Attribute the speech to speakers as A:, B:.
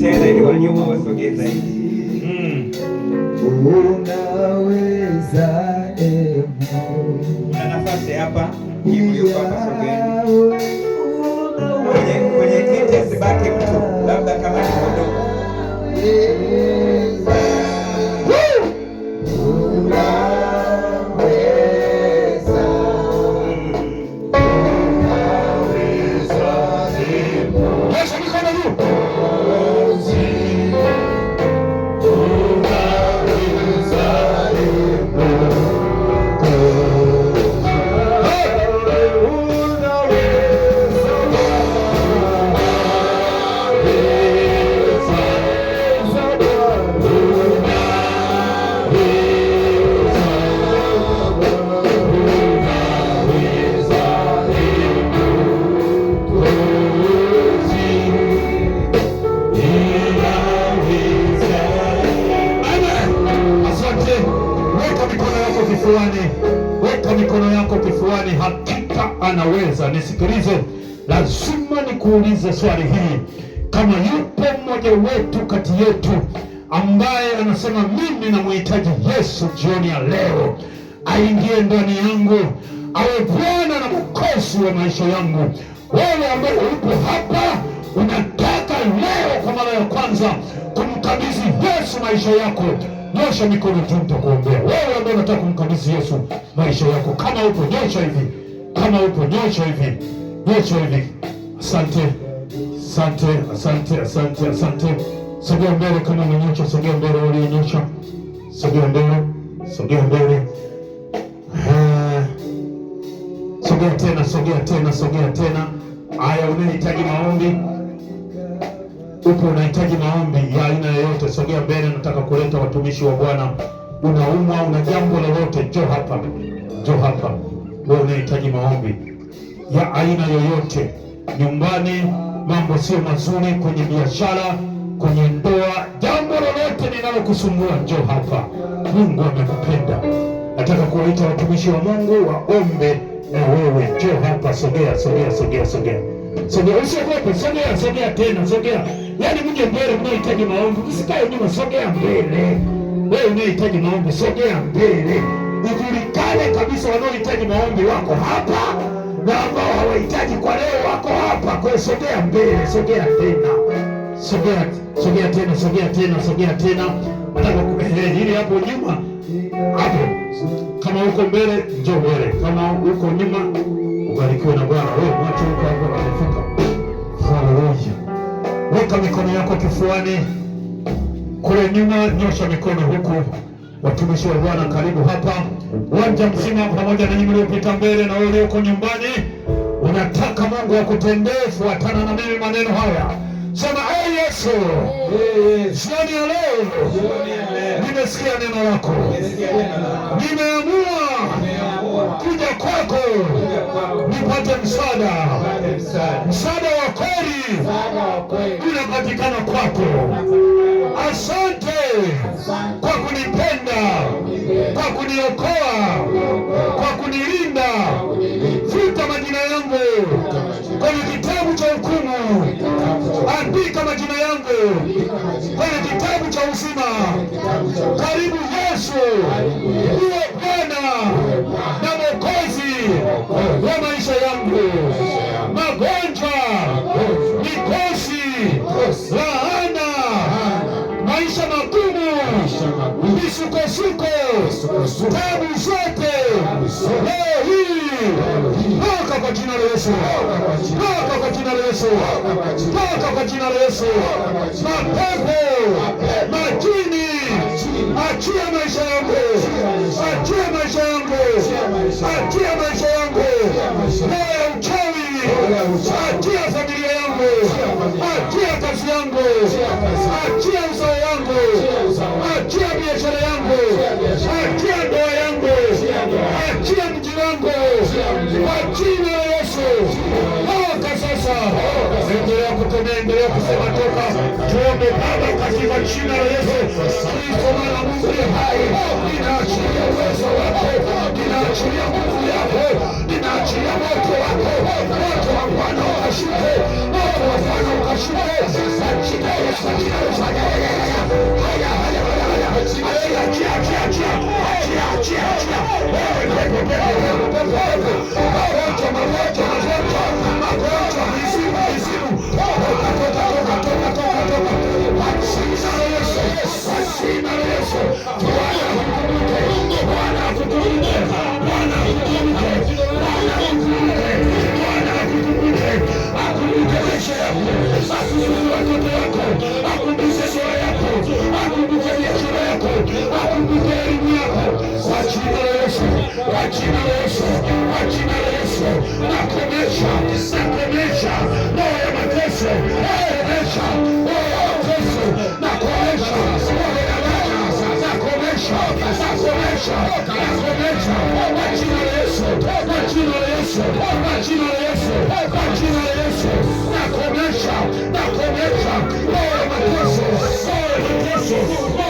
A: tena iliyo nyuma, sogea zaidi.
B: Unaweza,
A: una nafasi hapa, sogea kwenye kiti, asibaki mtu unaweza nisikilize, lazima nikuulize swali hili, kama yupo mmoja wetu kati yetu ambaye anasema mimi namhitaji Yesu jioni ya leo, aingie ndani yangu, awe Bwana na Mwokozi wa maisha yangu. Wewe ambaye upo hapa unataka leo kwa mara ya kwanza kumkabidhi Yesu maisha yako, nyosha mikono tu, nitakuombea. Wewe ambaye unataka kumkabidhi Yesu maisha yako, kama upo nyosha hivi kama upo jocho hivi, jocho hivi. Asante, asante, asante, asante, asante. Sogea mbele kama mwenyosha, sogea mbele ulionyosha, sogea mbele, sogea mbele, eh. sogea tena, sogea tena, sogea tena. Haya, unahitaji maombi, upo unahitaji maombi ya aina yoyote, sogea mbele. Nataka kuleta watumishi wa Bwana. Unaumwa, una jambo lolote, jo hapa, jo hapa wewe unahitaji maombi ya aina yoyote, nyumbani mambo sio mazuri, kwenye biashara, kwenye ndoa, jambo lolote linalokusumbua, njoo hapa. Mungu amekupenda. Nataka kuwaita watumishi wa Mungu waombe na wewe, njoo hapa. Sogea, sogea, sogea, sogea, sogea, usiogope, sogea, sogea tena, sogea. Yani mje mbele, unahitaji maombi, msikae nyuma, sogea mbele. Wewe unahitaji maombi, sogea mbele ujulikane kabisa wanaohitaji maombi wako hapa na ambao hawahitaji kwa leo wako hapa. Kwa sogea mbele, sogea tena, sogea sogea tena, sogea tena, sogea tena. Nataka kubehe eh, ili hapo nyuma hapo, kama uko mbele njo mbele, kama uko nyuma ubarikiwe na Bwana. Wewe macho uko hapo, unafika. Haleluya! Weka mikono yako kifuani, kule nyuma nyosha mikono huku Watumishi wa Bwana, karibu hapa uwanja mzima, pamoja na nyinyi mliopita mbele na wale uko nyumbani, unataka Mungu akutendee. Fuatana na mimi maneno haya, sema e Yesu, jioni ya leo nimesikia neno lako,
C: nimeamua
A: kuja kwako nipate msaada, msaada wa kweli unapatikana kwako. Asante kwa kuniokoa, kwa kunilinda, futa majina yangu kwenye kitabu cha hukumu, andika majina yangu kwenye kitabu cha uzima. Karibu Yesu, uwe Bwana na Mwokozi. tabu zote leo hii toka kwa jina la Yesu, toka kwa jina la Yesu, toka kwa jina la Yesu. Mapepo, majini, achia maisha yangu, achia maisha yangu, achia maisha yangu, leo uchawi, achia familia yangu, achia kazi yangu, achia uzao wangu, achia biashara yangu, achia tunaendelea kusema toka, tuombe Baba, katika jina la Yesu Kristo, mwana Mungu hai, ninaachilia uwezo wako, ninaachilia nguvu yako, ninaachilia moto wako, moto wa Bwana ukashuke, moto wa Bwana ukashuke, katika Yesu, katika Yesu, haya haya haya haya haya nakomesha, nakomesha roho ya mateso, nakomesha roho ya mateso, nakomesha roho ya laana, nakomesha, nakomesha, nakomesha kwa jina la Yesu, kwa jina la Yesu, kwa jina la Yesu, kwa jina la Yesu, nakomesha, nakomesha roho ya mateso, roho ya mateso